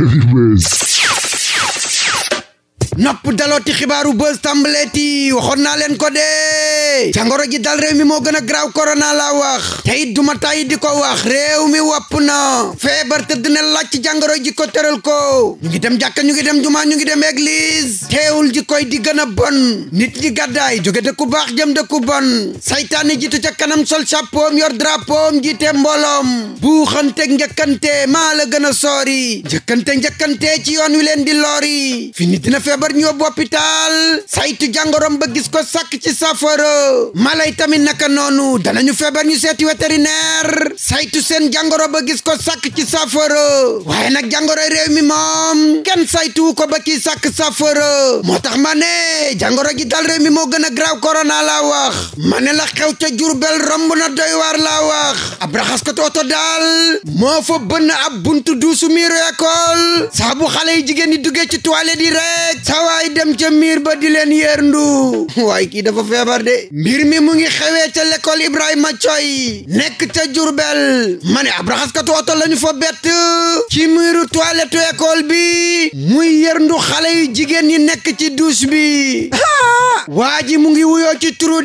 Anyways. nopp dalooti xibaaru buzz tàmbaleeti waxoon naa leen ko dee jàngoro ji dal réew mi moo gën a graaw korona laa wax te it duma tàyyi di ko wax réew mi wopp na feebar tëdd na laaj ci jàngoro ji ko tëral ko ñu ngi dem jàkka ñu ngi dem jumaa ñu ngi dem église teewul ji koy di gën a bon nit ñi gàddaay jóge dëkku baax jëm dëkku bon saytaane jiitu ca kanam sol chapeau yor drapeau jiite mbooloom buuxante njëkkante maa la gën a soori njëkkante njëkkante ci yoon wi leen di loori feebar ñu yóbbu hôpital saytu jàngorom ba gis ko sàkk ci saafara mala tamit naka noonu dana ñu feebar ñu seeti vétérinaire saytu seen jàngoro ba gis ko sakk ci saafara waaye nag jàngoro réew mi moom kenn saytuwu ko ba ci sàkk saafara moo tax ma ne jàngoro ji dal réew mi moo gën a graaw corona la wax ma la xew ca Jurbel romb na doy waar laa wax ab raxaskatu oto daal moo fa bënn ab buntu duusu miiru école saa xale yi jigéen yi ci toilette yi sawaay dem ca miir ba di leen yéerndu waaye kii dafa feebar de mbir mi mu ngi xewee ca l'école Ibrahima Coy nekk ca Jurbel ma ne ab raxaskatu oto lañu fa bett ci miiru toilette école bi muy yéerndu xale yi jigéen yi nekk ci douche bi waa ji mu ngi wuyoo ci turu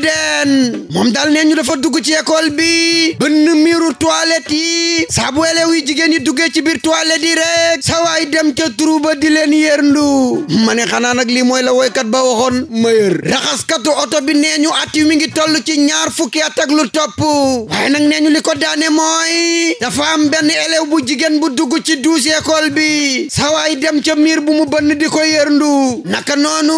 moom daal nee ñu dafa dugg ci école bi bënn miiru toilette yi saabu elew yi jigéen yi duggee ci biir toilette yi rek sawaay dem ca turu ba di leen yéerndu ma xanaa nag lii mooy la woykat ba waxoon mayër raxaskatu oto bi nee ñu at yi mi ngi toll ci ñaar fukki at ak lu topp waaye nag ñu li ko daane mooy am benn élève bu jigéen bu dugg ci douze école bi sawaay dem ca miir bu mu bënn di ko yërndu naka noonu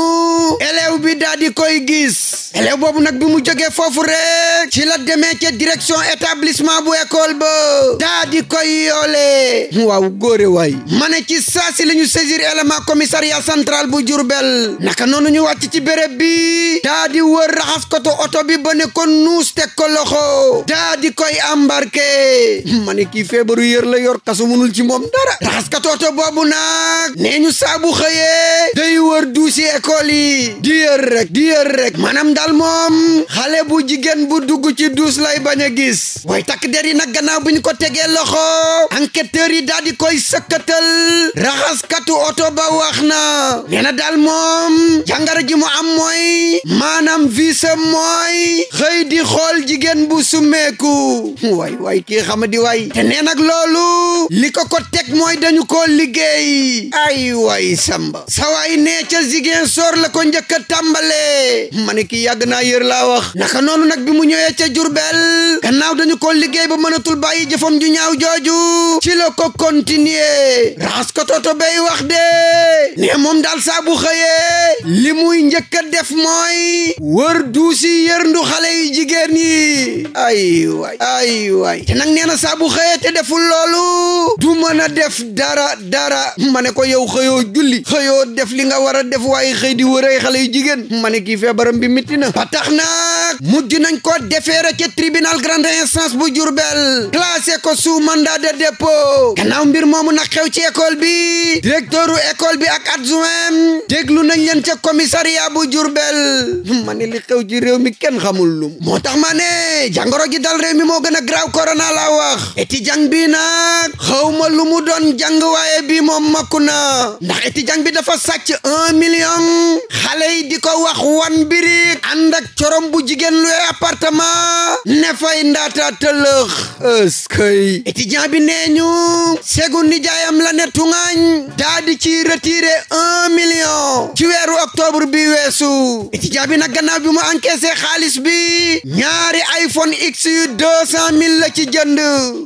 élève bi daa di koy gis élève boobu nag bi mu jógee foofu rek ci la demee ca direction établissement bu école ba daa di koy yoolee waaw góore waay ma ne ci saa si la ñu saisir élément commissariat central Jurbel naka noonu ñu wàcc ci béréb bi daa di wër raxas ko to oto bi ba ne ko nuus teg ko loxo daa di koy am ma ne kii feebaru yër la yor kasu munul ci moom dara raxas ko to oto boobu naa nag nee ñu saabu xëyee day wër duusi école yi di yër rek di yër maanaam daal moom xale bu jigéen bu dugg ci duus lay bañ a gis way takk der yi nag gannaaw bu ñu ko tegee loxo enquêteurs yi daal di koy sëkkatal oto ba wax na nee na daal moom jàngara ji mu am mooy maanaam viisam mooy xëy di xool jigéen bu sumeeku way way kii xama di way te nee loolu li ko ko teg mooy dañu ko liggéey ay way samba sawaay nee ca jigéen soor la ko njëkk a tàmbalee ma ne ki yàgg naa yër laa wax naka noonu nag bi mu ñëwee ca jurbel gannaaw dañu ko liggéey ba mënatul bayi jëfam ju ñaaw jooju ci la ko continuer raas ko toto bay wax de ne moom daal saa xëyee li muy njëkk a def mooy wër duusi yër ndu xale yu jigéen yi ay way ay way te nag nee na saa xëyee te deful loolu du mën a def dara dara yow xëyoo julli xëyoo def li nga war a def waaye xëy di wër ay xale yu jigéen ma ne kii feebaram bi mitti na ba tax nag mujj nañ ko defeere ca tribunal grande instance bu Jurbel classé ko sous de dépôt gannaaw mbir moomu nag xew ci école bi directeuru école bi ak adjoint déglu nañ leen ca commissariat bu Jurbel ma ne li xew ci réew mi kenn xamul lu moo tax ma ne jàngoro dal réew mi moo gën a graaw corona laa wax étudiant bi nag xawma lu mu doon jàng waaye bi moom makku na ndax étudiant bi dafa sàcc un million xale yi di ko wax wan birig ànd ak corom bu jigéen luy appartement ne fay ndaata tëllëx eskay étudiant bi nee ñu segu nijaayam la ne tuŋaañ daa ci retiré un million ci weeru octobre bi weesu étudiant bi nag gannaaw bi mu encaissé xaalis bi ñaari iPhone X yu cent mille la ci jënd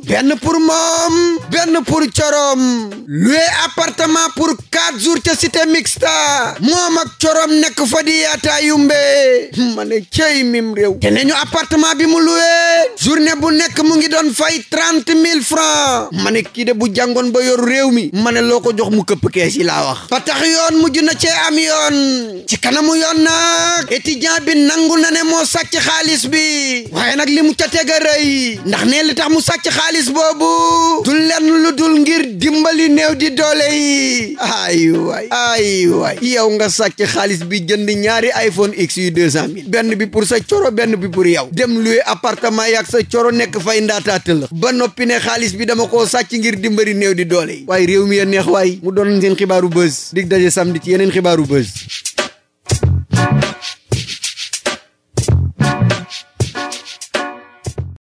benn pour moom benn pour corom loué appartement pour quatre jours ca cité mixta moom ak corom nekk fa di yaataa yumbe hmm, ma cey mim réew te ne ñu appartement bi mu loué journée bu nekk mu ngi doon fay trente mille francs ma ne kii de bu jàngoon ba yor réew mi ma ne loo ko jox mu këpp kees laa wax ba tax yoon mujj na cee am yoon ci kanamu yoon nag étudiant bi nangu na ne moo sacc xaalis bi waaye nag li mu ca teg rëy ndax ne li tax mu sàcc xaalis boobu dul leen lenn lu dul ngir dimbali néew di doole yi ay waay ay waay yow nga sàcc xaalis bi jënd ñaari iPhone X yu deux cent benn bi pour sa coro benn bi pour yow dem loué appartement yaak sa coro nekk fay ndaataata la ba noppi ne xaalis bi dama koo sàcc ngir dimbali néew di doole yi waaye réew mi ya neex waay mu doon seen xibaaru buzz dig daje samedi ci yeneen xibaaru buzz